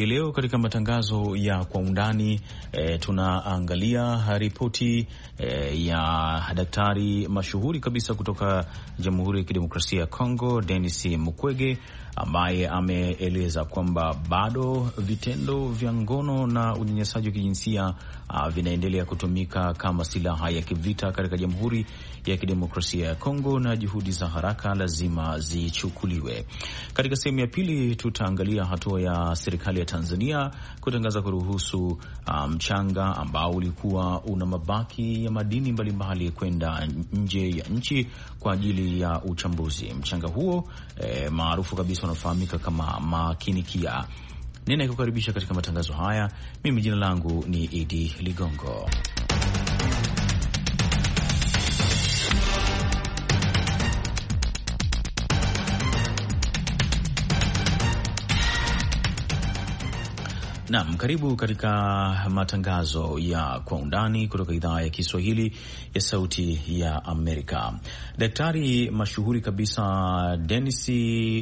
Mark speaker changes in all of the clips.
Speaker 1: Hii leo katika matangazo ya kwa undani e, tunaangalia ripoti e, ya daktari mashuhuri kabisa kutoka Jamhuri ya Kidemokrasia ya Kongo, Denis Mukwege ambaye ameeleza kwamba bado vitendo vya ngono na unyanyasaji wa kijinsia uh, vinaendelea kutumika kama silaha ya kivita katika Jamhuri ya Kidemokrasia ya Kongo, na juhudi za haraka lazima zichukuliwe. Katika sehemu ya pili, tutaangalia hatua ya serikali ya Tanzania kutangaza kuruhusu ah, mchanga um, ambao ulikuwa una mabaki ya madini mbalimbali kwenda nje ya nchi kwa ajili ya uchambuzi. Mchanga huo eh, maarufu kabisa unafahamika kama makinikia ninayekukaribisha katika matangazo haya. Mimi jina langu ni Idi Ligongo. Naam, karibu katika matangazo ya kwa undani kutoka idhaa ya Kiswahili ya Sauti ya Amerika. Daktari mashuhuri kabisa Denis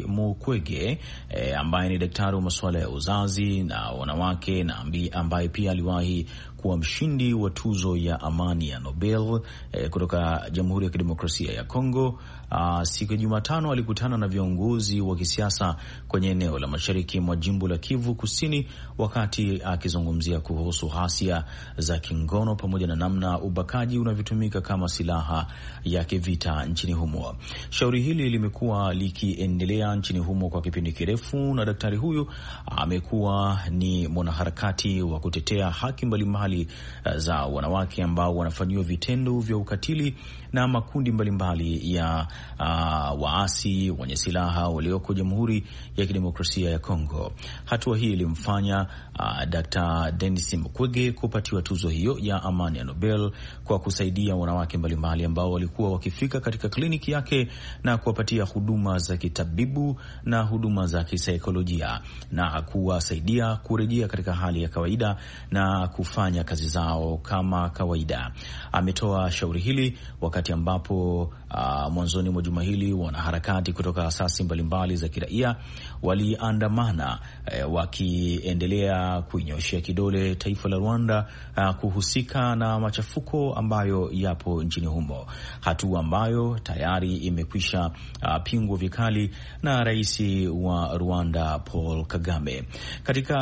Speaker 1: Mukwege e, ambaye ni daktari wa masuala ya uzazi na wanawake na ambaye pia aliwahi kuwa mshindi wa tuzo ya amani ya Nobel eh, kutoka Jamhuri ya Kidemokrasia ya Kongo. Uh, siku ya Jumatano alikutana na viongozi wa kisiasa kwenye eneo la mashariki mwa jimbo la Kivu Kusini, wakati akizungumzia uh, kuhusu ghasia za kingono pamoja na namna ubakaji unavyotumika kama silaha ya kivita nchini humo. Shauri hili limekuwa likiendelea nchini humo kwa kipindi kirefu, na daktari huyu amekuwa uh, ni mwanaharakati wa kutetea haki mbalimbali hali uh, za wanawake ambao wanafanyiwa vitendo vya ukatili na makundi mbalimbali mbali ya uh, waasi wenye silaha walioko Jamhuri ya Kidemokrasia ya Kongo. Hatua hii ilimfanya uh, Dr. Denis Mukwege kupatiwa tuzo hiyo ya amani ya Nobel kwa kusaidia wanawake mbalimbali ambao walikuwa wakifika katika kliniki yake na kuwapatia huduma za kitabibu na huduma za kisaikolojia na kuwasaidia kurejea katika hali ya kawaida na kufanya kazi zao kama kawaida. Ametoa shauri hili wakati wakati ambapo Ah, mwanzoni mwa juma hili wanaharakati kutoka asasi mbalimbali za kiraia waliandamana eh, wakiendelea kuinyoshea kidole taifa la Rwanda uh, kuhusika na machafuko ambayo yapo nchini humo, hatua ambayo tayari imekwisha uh, pingwa vikali na rais wa Rwanda Paul Kagame. Katika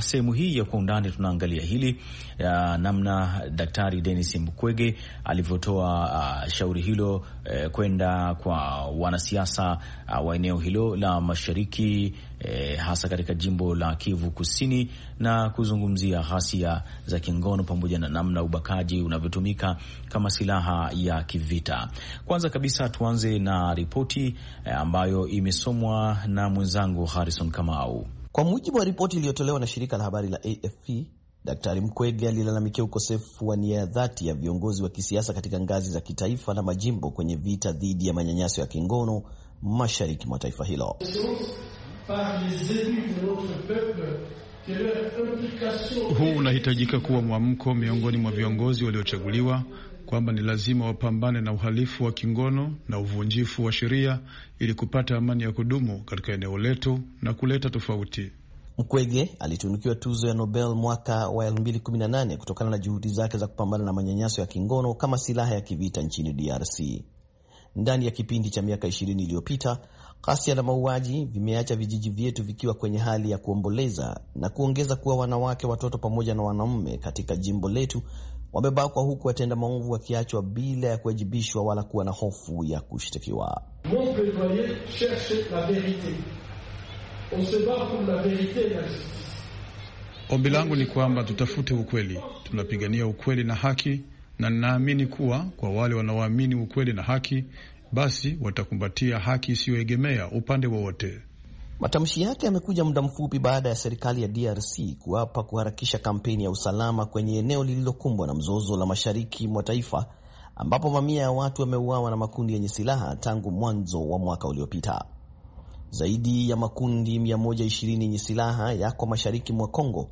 Speaker 1: sehemu hii ya kwa undani tunaangalia hili uh, namna Daktari Denis Mkwege alivyotoa uh, shauri hilo eh, kwenda kwa wanasiasa uh, wa eneo hilo la mashariki eh, hasa katika jimbo la Kivu Kusini na kuzungumzia ghasia za kingono pamoja na namna ubakaji unavyotumika kama silaha ya kivita. Kwanza kabisa tuanze na ripoti eh, ambayo imesomwa na
Speaker 2: mwenzangu Harrison Kamau. Kwa mujibu wa ripoti iliyotolewa na shirika la habari la AFP Daktari Mkwege alilalamikia ukosefu wa nia ya dhati ya viongozi wa kisiasa katika ngazi za kitaifa na majimbo kwenye vita dhidi ya manyanyaso ya kingono mashariki mwa taifa hilo.
Speaker 1: Huu
Speaker 3: unahitajika
Speaker 1: kuwa mwamko miongoni mwa viongozi waliochaguliwa kwamba ni lazima wapambane na
Speaker 2: uhalifu wa kingono na uvunjifu wa sheria ili kupata amani ya kudumu katika eneo letu na kuleta tofauti. Mkwege alitunukiwa tuzo ya Nobel mwaka wa 2018 kutokana na juhudi zake za kupambana na manyanyaso ya kingono kama silaha ya kivita nchini DRC. Ndani ya kipindi cha miaka 20 iliyopita, ghasia na mauaji vimeacha vijiji vyetu vikiwa kwenye hali ya kuomboleza na kuongeza kuwa wanawake, watoto pamoja na wanaume katika jimbo letu wamebakwa, huku watenda maovu wakiachwa bila ya kuwajibishwa wala kuwa na hofu ya kushtakiwa. Ombi langu ni kwamba tutafute
Speaker 1: ukweli. Tunapigania ukweli na haki, na ninaamini kuwa kwa wale wanaoamini ukweli
Speaker 2: na haki, basi watakumbatia haki isiyoegemea upande wowote. Matamshi yake yamekuja muda mfupi baada ya serikali ya DRC kuapa kuharakisha kampeni ya usalama kwenye eneo lililokumbwa na mzozo la mashariki mwa taifa, ambapo mamia ya watu wameuawa na makundi yenye silaha tangu mwanzo wa mwaka uliopita. Zaidi ya makundi 120 yenye silaha yako mashariki mwa Kongo,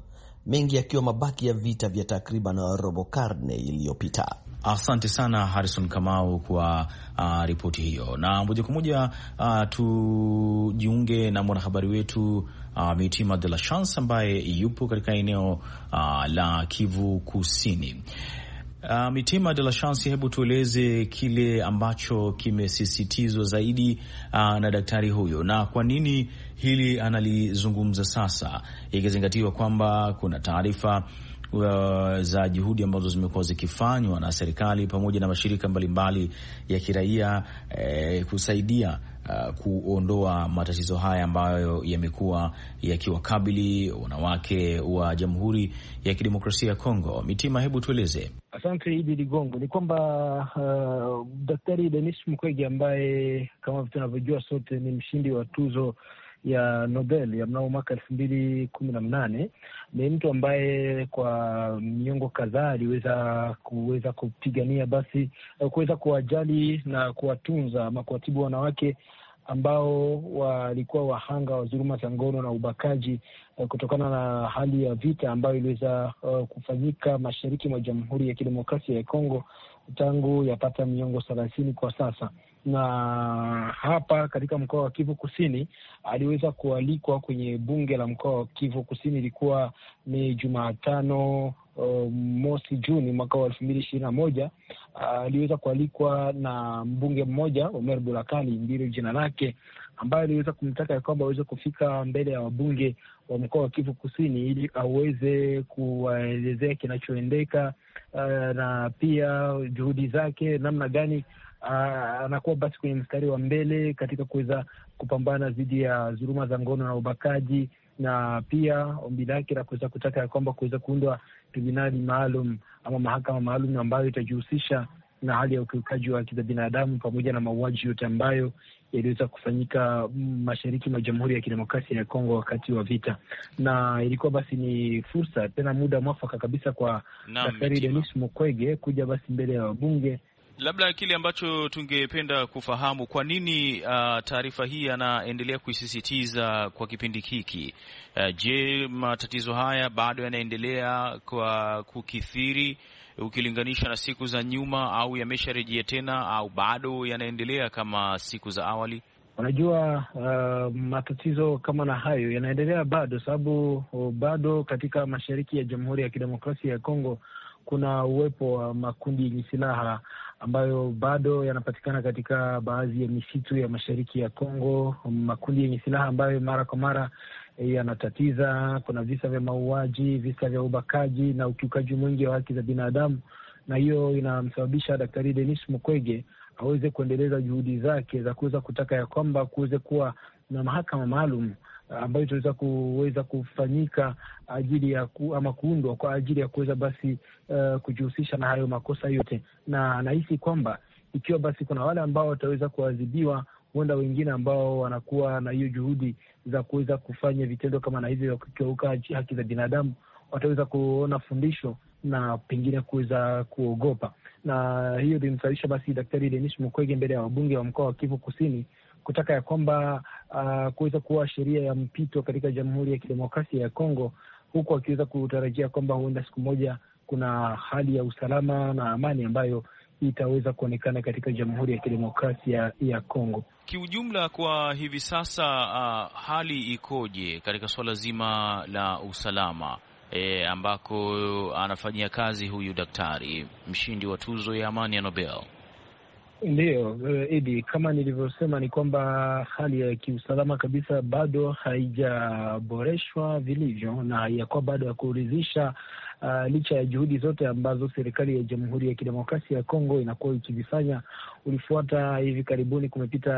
Speaker 2: mengi yakiwa mabaki ya vita vya takriban robo karne iliyopita.
Speaker 1: Asante sana Harrison Kamau kwa uh, ripoti hiyo, na moja kwa moja uh, tujiunge na mwanahabari wetu uh, Mitima de la Chance ambaye yupo katika eneo uh, la Kivu Kusini. Uh, Mitima de la Chance, hebu tueleze kile ambacho kimesisitizwa zaidi uh, na daktari huyo na kwa nini hili analizungumza sasa, ikizingatiwa kwamba kuna taarifa uh, za juhudi ambazo zimekuwa zikifanywa na serikali pamoja na mashirika mbalimbali ya kiraia eh, kusaidia Uh, kuondoa matatizo haya ambayo yamekuwa yakiwakabili wanawake wa Jamhuri ya Kidemokrasia ya Kongo. Mitima, hebu tueleze.
Speaker 4: Asante Idi Ligongo. Ni kwamba uh, Daktari Denis Mukwege ambaye kama tunavyojua sote ni mshindi wa tuzo ya Nobel ya mnamo mwaka elfu mbili kumi na mnane ni mtu ambaye kwa miongo kadhaa aliweza kuweza kupigania basi kuweza kuwajali na kuwatunza ama kuwatibu wanawake ambao walikuwa wahanga wa dhuluma za ngono na ubakaji eh, kutokana na hali ya vita ambayo iliweza eh, kufanyika mashariki mwa Jamhuri ya Kidemokrasia ya Kongo tangu yapata miongo thelathini kwa sasa na hapa katika mkoa wa Kivu Kusini aliweza kualikwa kwenye bunge la mkoa wa Kivu Kusini. Ilikuwa ni Jumatano uh, mosi Juni mwaka wa elfu mbili ishirini na moja. Uh, aliweza kualikwa na mbunge mmoja Omer Bulakali ndilo jina lake, ambaye aliweza kumtaka ya kwamba aweze kufika mbele ya wabunge wa mkoa wa Kivu Kusini ili aweze kuwaelezea kinachoendeka uh, na pia juhudi zake namna gani Ah, anakuwa basi kwenye mstari wa mbele katika kuweza kupambana dhidi ya dhuluma za ngono na ubakaji, na pia ombi lake la kuweza kutaka ya kwamba kuweza kuundwa tribunali maalum ama mahakama maalum ambayo itajihusisha na hali ya ukiukaji wa haki za binadamu pamoja na mauaji yote ambayo yaliweza kufanyika mashariki mwa Jamhuri ya Kidemokrasia ya Kongo wakati wa vita, na ilikuwa basi ni fursa tena muda mwafaka kabisa kwa Daktari Denis Mukwege kuja basi mbele ya wabunge
Speaker 1: Labda kile ambacho tungependa kufahamu kwa nini uh, taarifa hii anaendelea kuisisitiza kwa kipindi hiki. Uh, je, matatizo haya bado yanaendelea kwa kukithiri ukilinganisha na siku za nyuma, au yamesharejea tena, au bado yanaendelea kama siku za awali?
Speaker 4: Unajua, uh, matatizo kama na hayo yanaendelea bado, sababu uh, bado katika mashariki ya Jamhuri ya Kidemokrasia ya Kongo kuna uwepo wa makundi yenye silaha ambayo bado yanapatikana katika baadhi ya misitu ya mashariki ya Kongo, makundi yenye silaha ambayo mara kwa mara eh, yanatatiza. Kuna visa vya mauaji, visa vya ubakaji na ukiukaji mwingi wa haki za binadamu, na hiyo inamsababisha Daktari Denis Mukwege aweze kuendeleza juhudi zake za kuweza kutaka ya kwamba kuweze kuwa na mahakama maalum ambayo itaweza kuweza kufanyika ajili ya ku, ama kuundwa kwa ajili ya kuweza basi uh, kujihusisha na hayo makosa yote, na nahisi kwamba ikiwa basi kuna wale ambao wataweza kuadhibiwa huenda wengine ambao wanakuwa na hiyo juhudi za kuweza kufanya vitendo kama na hivyo vya kukiuka haki za binadamu wataweza kuona fundisho na pengine kuweza kuogopa, na hiyo ilimsababisha basi Daktari Denis Mukwege mbele ya wabunge wa mkoa wa Kivu Kusini kutaka ya kwamba uh, kuweza kuwa sheria ya mpito katika Jamhuri ya Kidemokrasia ya Kongo, huku akiweza kutarajia kwamba huenda siku moja kuna hali ya usalama na amani ambayo itaweza kuonekana katika Jamhuri ya Kidemokrasia ya Kongo.
Speaker 1: Kiujumla, kwa hivi sasa uh, hali ikoje katika suala zima la usalama e, ambako anafanyia kazi huyu daktari mshindi wa tuzo ya amani ya Nobel?
Speaker 4: Ndiyo, Idi, kama nilivyosema ni kwamba hali ya kiusalama kabisa bado haijaboreshwa vilivyo na yakuwa bado ya kuridhisha, uh, licha ya juhudi zote ambazo serikali ya Jamhuri ya Kidemokrasia ya Kongo inakuwa ikivifanya Ulifuata hivi karibuni, kumepita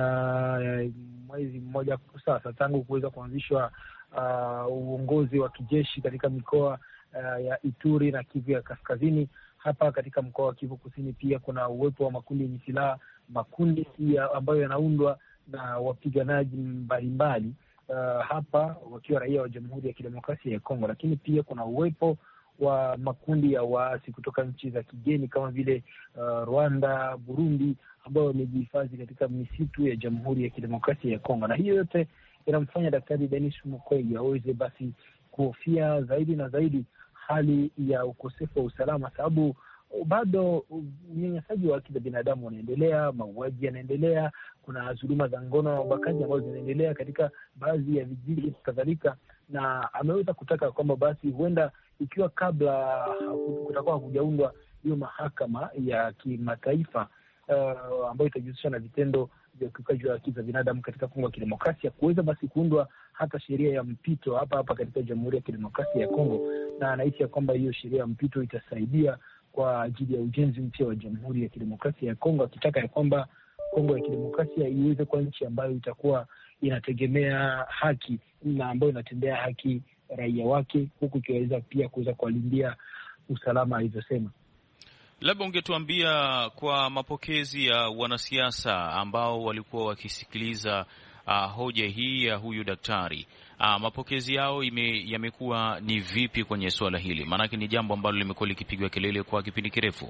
Speaker 4: uh, mwezi mmoja sasa tangu kuweza kuanzishwa uh, uongozi wa kijeshi katika mikoa uh, ya Ituri na Kivu ya Kaskazini hapa katika mkoa wa Kivu Kusini pia kuna uwepo wa makundi yenye silaha, makundi pia ambayo yanaundwa na wapiganaji mbalimbali uh, hapa wakiwa raia wa Jamhuri ya Kidemokrasia ya Kongo, lakini pia kuna uwepo wa makundi ya waasi kutoka nchi za kigeni kama vile uh, Rwanda, Burundi ambayo wamejihifadhi katika misitu ya Jamhuri ya Kidemokrasia ya Kongo, na hiyo yote inamfanya Daktari Denis Mukwege aweze basi kuhofia zaidi na zaidi hali ya ukosefu wa usalama, sababu bado unyanyasaji wa haki za binadamu unaendelea, mauaji yanaendelea, kuna dhuluma za ngono na ubakaji ambazo zinaendelea katika baadhi ya vijiji kadhalika, na ameweza kutaka kwamba basi huenda ikiwa kabla kutakuwa hakujaundwa hiyo mahakama ya kimataifa uh, ambayo itajihusisha na vitendo vya ukiukaji wa haki za binadamu katika Kongo ya Kidemokrasia, kuweza basi kuundwa hata sheria ya mpito hapa hapa katika Jamhuri ya Kidemokrasia ya Kongo na anahisi ya kwamba hiyo sheria ya mpito itasaidia kwa ajili ya ujenzi mpya wa Jamhuri ya Kidemokrasia ya Kongo, akitaka ya kwamba Kongo ya Kidemokrasia iweze kuwa nchi ambayo itakuwa inategemea haki na ambayo inatendea haki raia wake, huku ikiweza pia kuweza kuwalindia usalama alivyosema.
Speaker 1: Labda ungetuambia kwa mapokezi ya wanasiasa ambao walikuwa wakisikiliza uh, hoja hii ya huyu daktari uh, mapokezi yao yamekuwa ni vipi kwenye suala hili? Maanake ni jambo ambalo limekuwa likipigwa kelele kwa kipindi kirefu.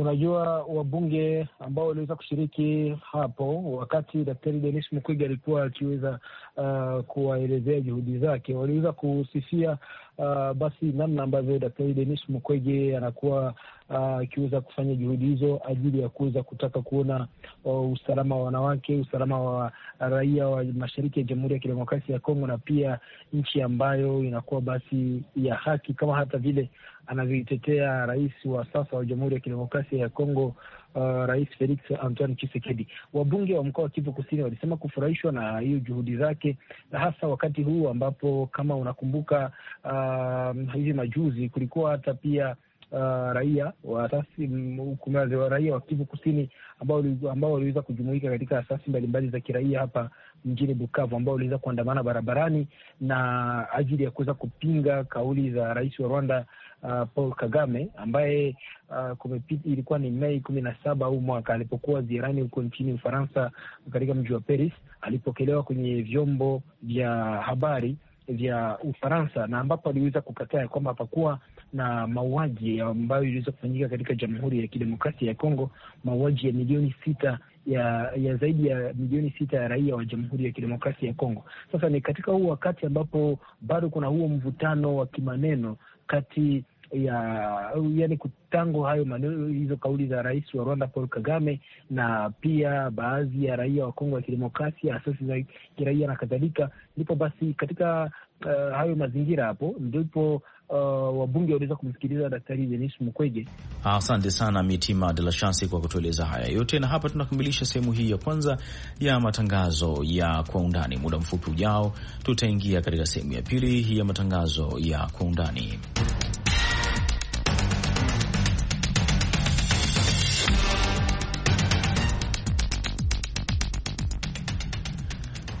Speaker 4: Unajua, wabunge ambao waliweza kushiriki hapo wakati Daktari Denis Mukwege alikuwa akiweza uh, kuwaelezea juhudi zake, waliweza kusifia uh, basi namna ambavyo Daktari Denis Mukwege anakuwa uh, akiweza uh, kufanya juhudi hizo ajili ya kuweza kutaka kuona uh, usalama wa wanawake, usalama wa raia wa mashariki ya Jamhuri ya Kidemokrasia ya Kongo, na pia nchi ambayo inakuwa basi ya haki kama hata vile anavyoitetea rais wa sasa wa Jamhuri ya Kidemokrasia ya Kongo, uh, Rais Felix Antoine chisekedi Wabunge wa mkoa wa Kivu Kusini walisema kufurahishwa na hiyo juhudi zake, na hasa wakati huu ambapo kama unakumbuka, uh, hivi majuzi kulikuwa hata pia Uh, raia wa asasi wa raia wa Kivu Kusini ambao ambao waliweza kujumuika katika asasi mbalimbali za kiraia hapa mjini Bukavu, ambao waliweza kuandamana barabarani na ajili ya kuweza kupinga kauli za rais wa Rwanda uh, Paul Kagame ambaye uh, kumepita, ilikuwa ni Mei kumi na saba au mwaka alipokuwa ziarani huko nchini Ufaransa katika mji wa Paris, alipokelewa kwenye vyombo vya habari vya Ufaransa na ambapo aliweza kukataa kwamba hapakuwa na mauaji ambayo iliweza kufanyika katika Jamhuri ya Kidemokrasia ya Kongo, mauaji ya milioni sita ya ya zaidi ya milioni sita ya raia wa Jamhuri ya Kidemokrasia ya Kongo. Sasa ni katika huu wakati ambapo bado kuna huo mvutano wa kimaneno kati ya yani tangu hayo maneno hizo kauli za rais wa Rwanda Paul Kagame na pia baadhi ya raia wa Kongo ya kidemokrasia, asasi za kiraia na kadhalika, ndipo basi katika Uh, hayo mazingira hapo ndipo uh, wabunge waliweza kumsikiliza Daktari
Speaker 1: Denis Mukwege. Asante sana Mitima de la Chance kwa kutueleza haya yote, na hapa tunakamilisha sehemu hii ya kwanza ya matangazo ya kwa undani. Muda mfupi ujao, tutaingia katika sehemu ya pili ya matangazo ya kwa undani.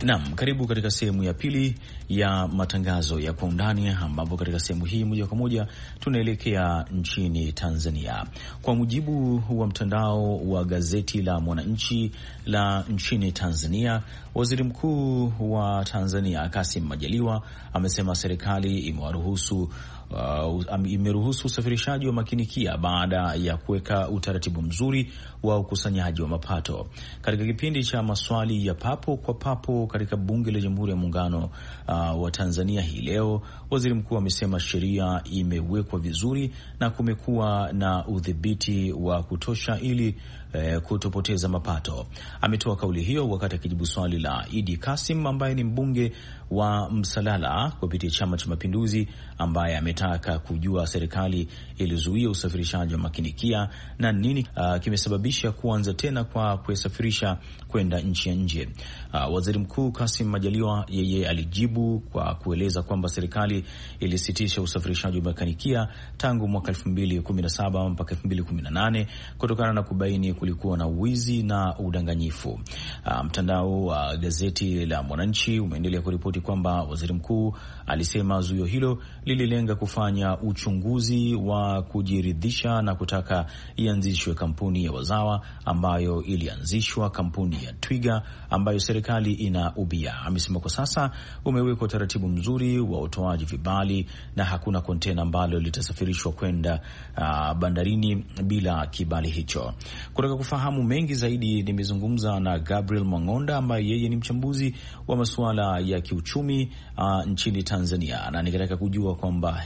Speaker 1: Naam, karibu katika sehemu ya pili ya matangazo ya kwa undani, ambapo katika sehemu hii moja kwa moja tunaelekea nchini Tanzania. Kwa mujibu wa mtandao wa gazeti la Mwananchi la nchini Tanzania, waziri mkuu wa Tanzania Kasim Majaliwa amesema serikali imewaruhusu uh, imeruhusu usafirishaji wa makinikia baada ya kuweka utaratibu mzuri wa ukusanyaji wa mapato. Katika kipindi cha maswali ya papo kwa papo katika bunge la Jamhuri ya Muungano uh, wa Tanzania hii leo, waziri mkuu amesema sheria imewekwa vizuri na kumekuwa na udhibiti wa kutosha ili eh, kutopoteza mapato. Ametoa kauli hiyo wakati akijibu swali la Idi Kasim ambaye ni mbunge wa Msalala kupitia Chama cha Mapinduzi, ambaye ametaka kujua serikali ilizuia usafirishaji wa makinikia na nini uh, kimesababisha kuanza tena kwa kuyasafirisha kwenda nchi ya nje. Uh, waziri mkuu Kasim Majaliwa yeye alijibu kwa kueleza kwamba serikali ilisitisha usafirishaji wa makinikia tangu mwaka 2017 mpaka 2018 kutokana na kubaini kulikuwa na wizi na udanganyifu. Ah, mtandao um, wa uh, gazeti la Mwananchi umeendelea kuripoti kwamba waziri mkuu alisema zuio hilo lililenga kufanya uchunguzi wa kujiridhisha na kutaka ianzishwe kampuni ya Wazawa ambayo ilianzishwa, kampuni ya Twiga ambayo serikali ina ubia. Amesema kwa sasa umewekwa utaratibu mzuri wa utoaji vibali na hakuna kontena ambalo litasafirishwa kwenda uh, bandarini bila kibali hicho. Kutoka kutaka kufahamu mengi zaidi nimezungumza na Gabriel mangonda ambaye yeye ni mchambuzi wa masuala ya kiuchumi uh, nchini Tanzania, na nikataka kujua kwamba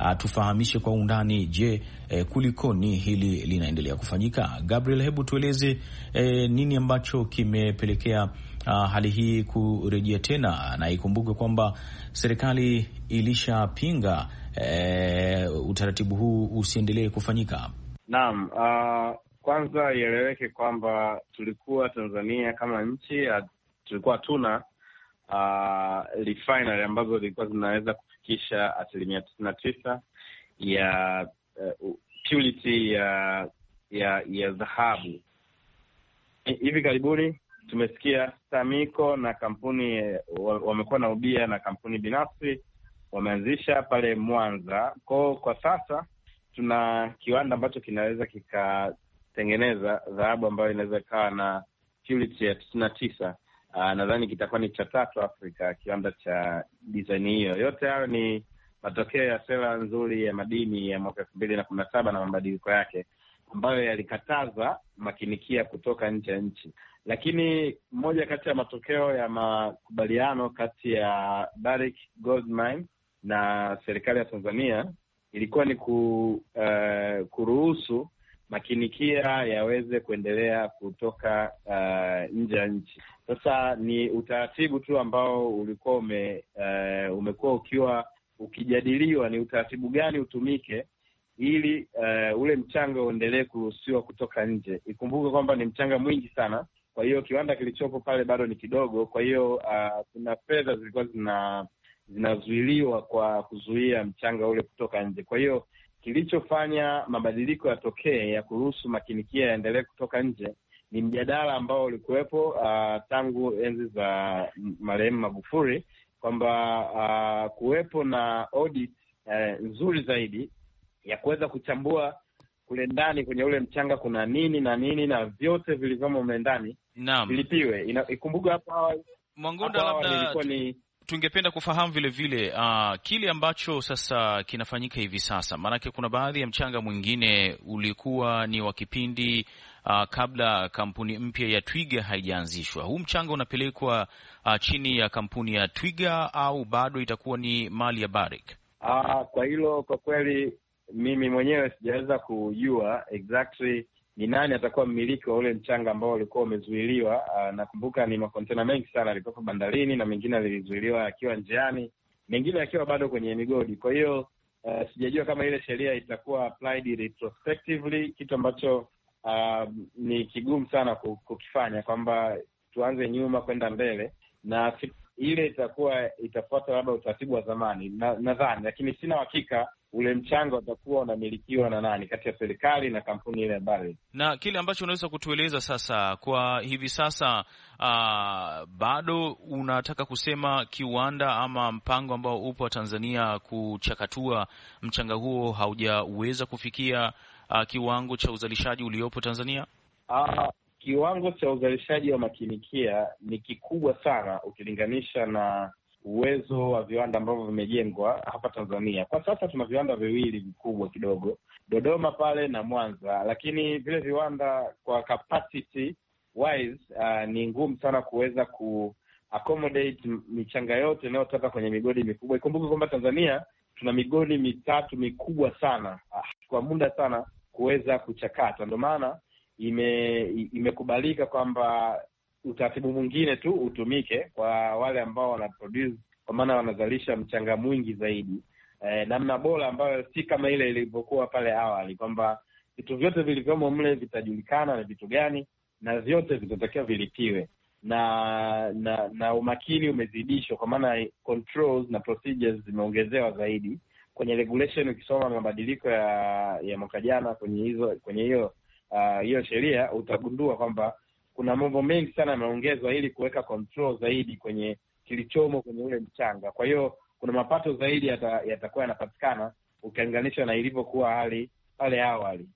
Speaker 1: uh, tufahamishe kwa undani, je, eh, kulikoni hili linaendelea kufanyika? Gabriel, hebu tueleze eh, nini ambacho kimepelekea Uh, hali hii kurejea tena, na ikumbuke kwamba serikali ilishapinga eh, utaratibu huu usiendelee kufanyika.
Speaker 3: Naam, uh, kwanza ieleweke kwamba tulikuwa Tanzania kama nchi ah, tulikuwa hatuna uh, refinery ambazo zilikuwa zinaweza kufikisha asilimia tisini na tisa ya uh, purity ya ya ya dhahabu. Hivi karibuni tumesikia Samiko na kampuni eh, wamekuwa na ubia na kampuni binafsi wameanzisha pale Mwanza. kwao kwa sasa tuna kiwanda ambacho kinaweza kika kutengeneza dhahabu ambayo inaweza ikawa na purity ya tisini na tisa. Ah, nadhani kitakuwa ni cha tatu Afrika kiwanda cha design hiyo. Yote hayo ni matokeo ya sera nzuri ya madini ya mwaka elfu mbili na kumi na saba na mabadiliko yake ambayo yalikataza makinikia kutoka nje ya nchi. Lakini moja kati ya matokeo ya makubaliano kati ya Barrick Gold Mine na serikali ya Tanzania ilikuwa ni ku, uh, kuruhusu makinikia yaweze kuendelea kutoka uh, nje ya nchi. Sasa ni utaratibu tu ambao ulikuwa ume, uh, umekuwa ukiwa ukijadiliwa ni utaratibu gani utumike ili uh, ule mchanga uendelee kuruhusiwa kutoka nje. Ikumbuke kwamba ni mchanga mwingi sana, kwa hiyo kiwanda kilichopo pale bado ni kidogo. Kwa hiyo uh, kuna fedha zilikuwa zina zinazuiliwa kwa kuzuia mchanga ule kutoka nje. Kwa hiyo Kilichofanya mabadiliko yatokee ya kuruhusu makinikia yaendelee kutoka nje ni mjadala ambao ulikuwepo uh, tangu enzi za marehemu Magufuli kwamba uh, kuwepo na audit uh, nzuri zaidi ya kuweza kuchambua kule ndani kwenye ule mchanga kuna nini na nini na vyote vilivyomo mle ndani vilipiwe. Ikumbuka hapo awali Mwangunda, labda ni
Speaker 1: tungependa kufahamu vile vile uh, kile ambacho sasa kinafanyika hivi sasa, maanake kuna baadhi ya mchanga mwingine ulikuwa ni wa kipindi uh, kabla kampuni mpya ya Twiga haijaanzishwa. Huu mchanga unapelekwa uh, chini ya kampuni ya Twiga au bado itakuwa ni mali ya Barrick?
Speaker 3: Uh, kwa hilo kwa kweli mimi mwenyewe sijaweza kujua exactly ni nani atakuwa mmiliki wa ule mchanga ambao ulikuwa umezuiliwa. Ah, nakumbuka ni makontena mengi sana yalikuwepo bandarini na mengine yalizuiliwa yakiwa njiani, mengine yakiwa bado kwenye migodi. Kwa hiyo uh, sijajua kama ile sheria itakuwa applied retrospectively, kitu ambacho uh, ni kigumu sana kukifanya kwamba tuanze nyuma kwenda mbele, na ile itakuwa itafuata labda utaratibu wa zamani nadhani na, lakini sina uhakika ule mchango utakuwa unamilikiwa na nani kati ya serikali na kampuni ile ambayo.
Speaker 1: Na kile ambacho unaweza kutueleza sasa kwa hivi sasa, uh, bado unataka kusema kiwanda ama mpango ambao upo wa Tanzania kuchakatua mchanga huo haujaweza kufikia uh, kiwango cha uzalishaji uliopo Tanzania?
Speaker 3: Uh, kiwango cha uzalishaji wa makinikia ni kikubwa sana ukilinganisha na uwezo wa viwanda ambavyo vimejengwa hapa Tanzania. Kwa sasa tuna viwanda viwili vikubwa kidogo, Dodoma pale na Mwanza, lakini vile viwanda kwa capacity wise uh, ni ngumu sana kuweza ku accommodate michanga yote inayotoka kwenye migodi mikubwa. Ikumbuke kwamba Tanzania tuna migodi mitatu mikubwa sana ah, kwa muda sana kuweza kuchakata, ndio maana ime- imekubalika kwamba utaratibu mwingine tu utumike kwa wale ambao wanaproduce, kwa maana wanazalisha mchanga mwingi zaidi, eh, namna bora ambayo si kama ile ilivyokuwa pale awali, kwamba vitu vyote vilivyomo mle vitajulikana na vitu gani, na vyote vitatakiwa vilipiwe na na na umakini umezidishwa, kwa maana controls na procedures zimeongezewa zaidi kwenye regulation. Ukisoma mabadiliko ya ya mwaka jana kwenye hizo kwenye hiyo ah, hiyo uh, sheria utagundua kwamba kuna mambo mengi sana yameongezwa ili kuweka control zaidi kwenye kilichomo kwenye ule mchanga. Kwa hiyo kuna mapato zaidi yatakuwa yanapatikana ukilinganisha na ilivyokuwa hali pale awali.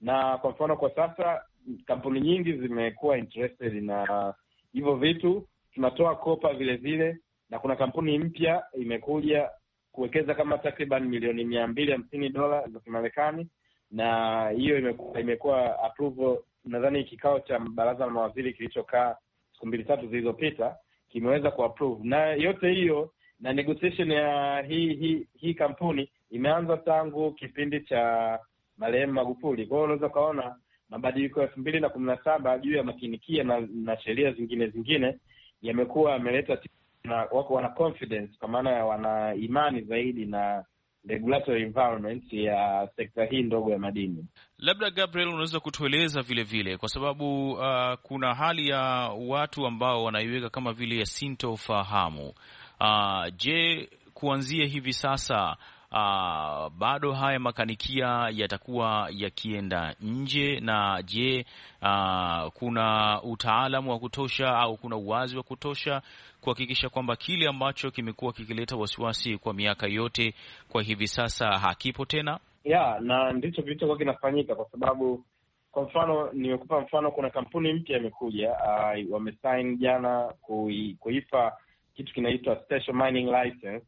Speaker 3: Na kwa mfano, kwa sasa kampuni nyingi zimekuwa interested na hivyo vitu, tunatoa kopa vile vile, na kuna kampuni mpya imekuja kuwekeza kama takriban milioni mia mbili hamsini dola za Kimarekani, na hiyo imekuwa imekuwa approval nadhani kikao cha baraza la mawaziri kilichokaa siku mbili tatu zilizopita kimeweza kuapprove na yote hiyo, na negotiation ya hii hii hi kampuni imeanza tangu kipindi cha marehemu Magufuli. Kwa hiyo unaweza ukaona mabadiliko ya elfu mbili na kumi na saba juu ya makinikia na, na sheria zingine zingine yamekuwa yameleta na wako wana confidence kwa maana ya wana imani zaidi na regulatory environment ya sekta hii ndogo ya madini.
Speaker 1: Labda Gabriel, unaweza kutueleza vile vile, kwa sababu uh, kuna hali ya watu ambao wanaiweka kama vile ya sintofahamu. Uh, je, kuanzia hivi sasa Uh, bado haya makanikia yatakuwa yakienda nje na je, uh, kuna utaalamu wa kutosha au kuna uwazi wa kutosha kuhakikisha kwamba kile ambacho kimekuwa kikileta wasiwasi kwa miaka yote kwa hivi sasa hakipo tena
Speaker 3: ya na ndicho kilichokuwa kinafanyika, kwa sababu kwa mfano nimekupa mfano, kuna kampuni mpya imekuja, uh, wamesain jana kui, kuipa kitu kinaitwa special mining license,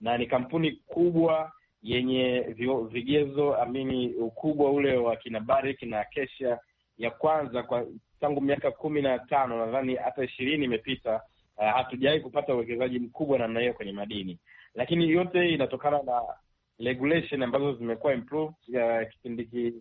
Speaker 3: na ni kampuni kubwa yenye vigezo amini, ukubwa ule wa kina Barrick na Acacia ya kwanza kwa tangu miaka kumi na tano nadhani hata ishirini imepita Eh, hatujawahi kupata uwekezaji mkubwa namna hiyo kwenye madini, lakini yote inatokana na regulation ambazo zimekuwa improved eh, kipindi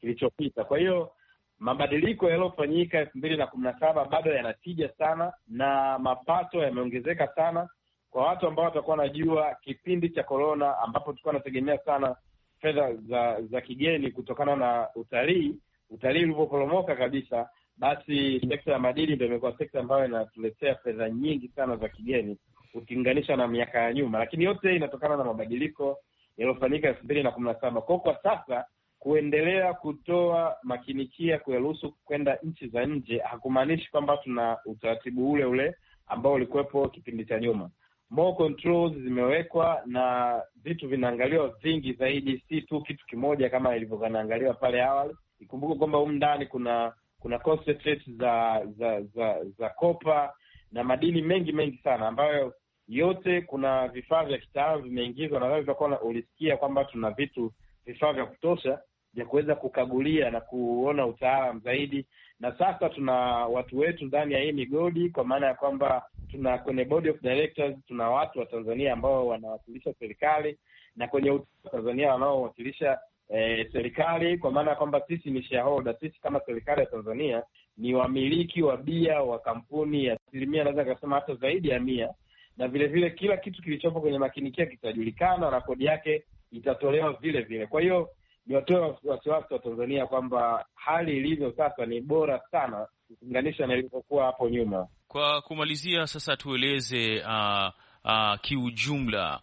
Speaker 3: kilichopita. Kwa hiyo mabadiliko yaliyofanyika elfu mbili na kumi na saba bado yanatija sana na mapato yameongezeka sana kwa watu ambao watakuwa wanajua kipindi cha korona ambapo tulikuwa wanategemea sana fedha za za kigeni kutokana na utalii, utalii ulipoporomoka kabisa, basi sekta ya madini ndo imekuwa sekta ambayo inatuletea fedha nyingi sana za kigeni ukilinganisha na miaka ya nyuma, lakini yote inatokana na mabadiliko yaliyofanyika elfu mbili na kumi na saba kwao. Kwa sasa kuendelea kutoa makinikia kuyaruhusu kwenda nchi za nje hakumaanishi kwamba tuna utaratibu ule ule ambao ulikuwepo kipindi cha nyuma. More controls zimewekwa na vitu vinaangaliwa vingi zaidi, si tu kitu kimoja kama ilivyonaangaliwa pale awali. Ikumbuke kwamba humu ndani kuna kuna concentrate za za za za kopa na madini mengi mengi sana ambayo yote kuna vifaa vya kitaalamu vimeingizwa. Nadhani utakuwa ulisikia kwamba tuna vitu vifaa vya kutosha vya kuweza kukagulia na kuona utaalam zaidi, na sasa tuna watu wetu ndani ya hii migodi, kwa maana ya kwamba tuna kwenye board of directors tuna watu wa Tanzania ambao wanawakilisha serikali na kwenye Tanzania wanaowakilisha e, serikali kwa maana ya kwamba sisi ni shareholder, sisi kama serikali ya Tanzania ni wamiliki wa bia wa kampuni ya asilimia, naweza nikasema hata zaidi ya mia, na vilevile vile, kila kitu kilichopo kwenye makinikia kitajulikana na kodi yake itatolewa vile vile. Kwa hiyo niwatoe wasiwasi wa Tanzania kwamba hali ilivyo sasa ni bora sana ukilinganisha na ilivyokuwa hapo nyuma.
Speaker 1: Kwa kumalizia sasa, tueleze uh, uh, kiujumla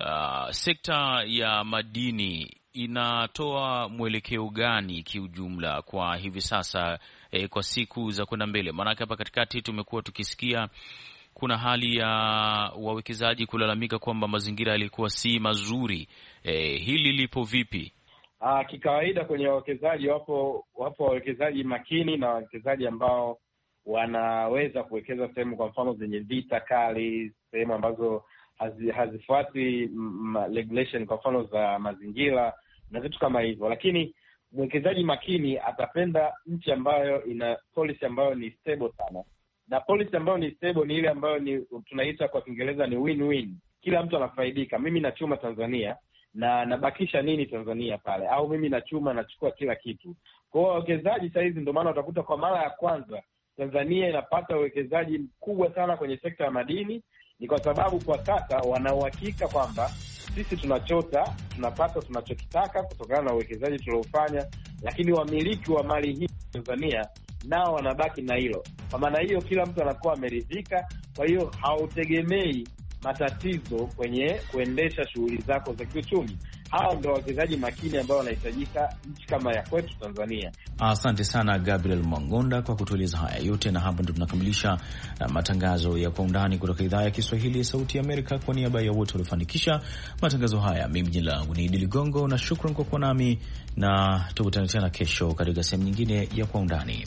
Speaker 1: uh, sekta ya madini inatoa mwelekeo gani kiujumla kwa hivi sasa e, kwa siku za kwenda mbele? Maanake hapa katikati tumekuwa tukisikia kuna hali ya wawekezaji kulalamika kwamba mazingira yalikuwa si mazuri. E, hili lipo vipi?
Speaker 4: Aa, ah, kikawaida
Speaker 3: kwenye wawekezaji wapo wapo wawekezaji makini na wawekezaji ambao wanaweza kuwekeza sehemu, kwa mfano, zenye vita kali, sehemu ambazo hazifuati regulation, kwa mfano, za mazingira na vitu kama hivyo, lakini mwekezaji makini atapenda nchi ambayo ina policy ambayo ni stable sana, na policy ambayo ni stable ni ile ambayo ni tunaita kwa Kiingereza ni win-win. Kila mtu anafaidika. Mimi nachuma Tanzania na nabakisha nini Tanzania pale, au mimi nachuma nachukua kila kitu. Kwa hiyo wawekezaji sahizi, ndio maana utakuta kwa mara ya kwanza Tanzania inapata uwekezaji mkubwa sana kwenye sekta ya madini ni kwa sababu kwa sasa wanauhakika kwamba sisi tunachota, tunapata tunachokitaka kutokana na uwekezaji tuliofanya, lakini wamiliki wa mali hii Tanzania nao wanabaki na hilo. Kwa maana hiyo, kila mtu anakuwa ameridhika. Kwa hiyo hautegemei matatizo kwenye kuendesha shughuli zako za kiuchumi hao ndo wachezaji makini ambao wanahitajika nchi kama ya kwetu Tanzania.
Speaker 1: Asante sana Gabriel Mwangonda kwa kutueleza haya yote, na hapa ndo tunakamilisha uh, matangazo ya kwa undani kutoka idhaa ya Kiswahili ya Sauti ya Amerika. Kwa niaba ya wote waliofanikisha matangazo haya, mimi jina langu ni Idi Ligongo na shukran kwa kuwa nami, na tukutane tena kesho katika sehemu nyingine ya kwa undani.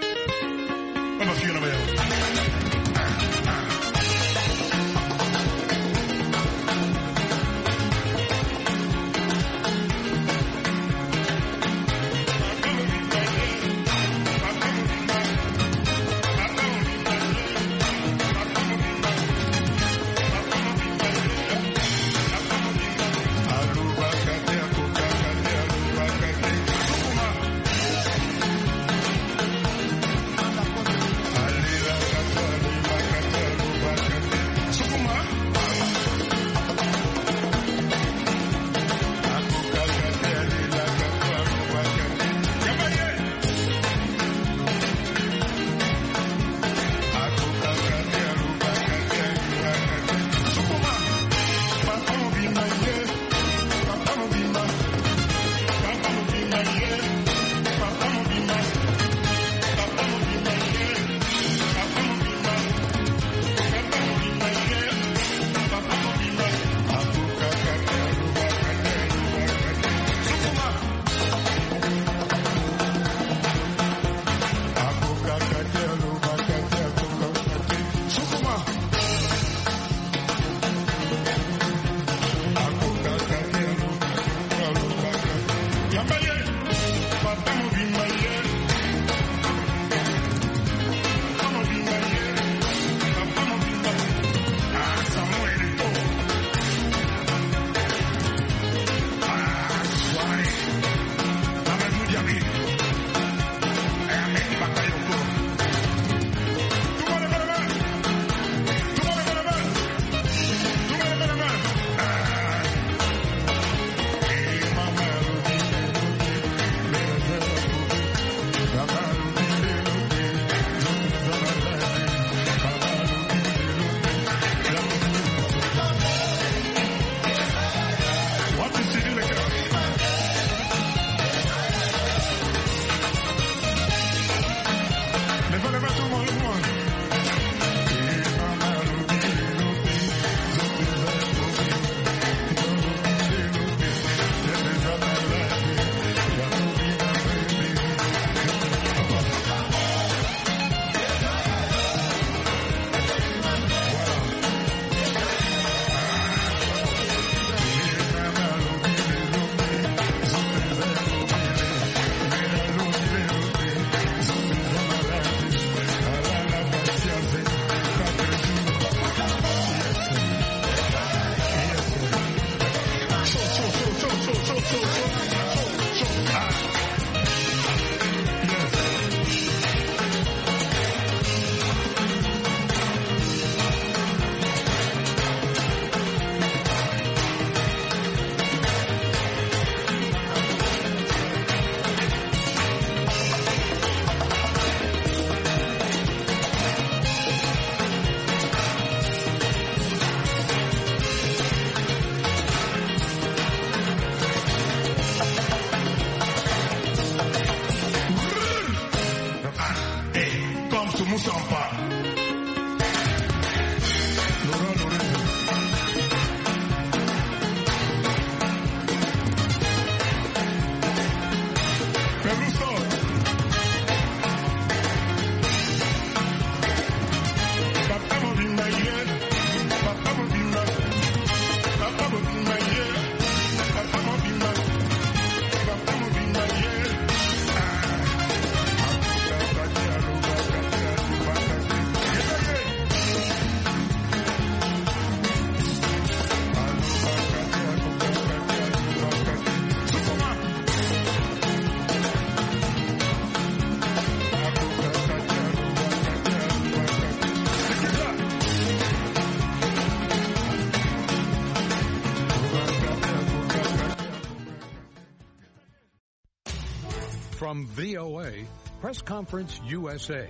Speaker 2: Press Conference USA.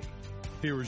Speaker 2: Here is your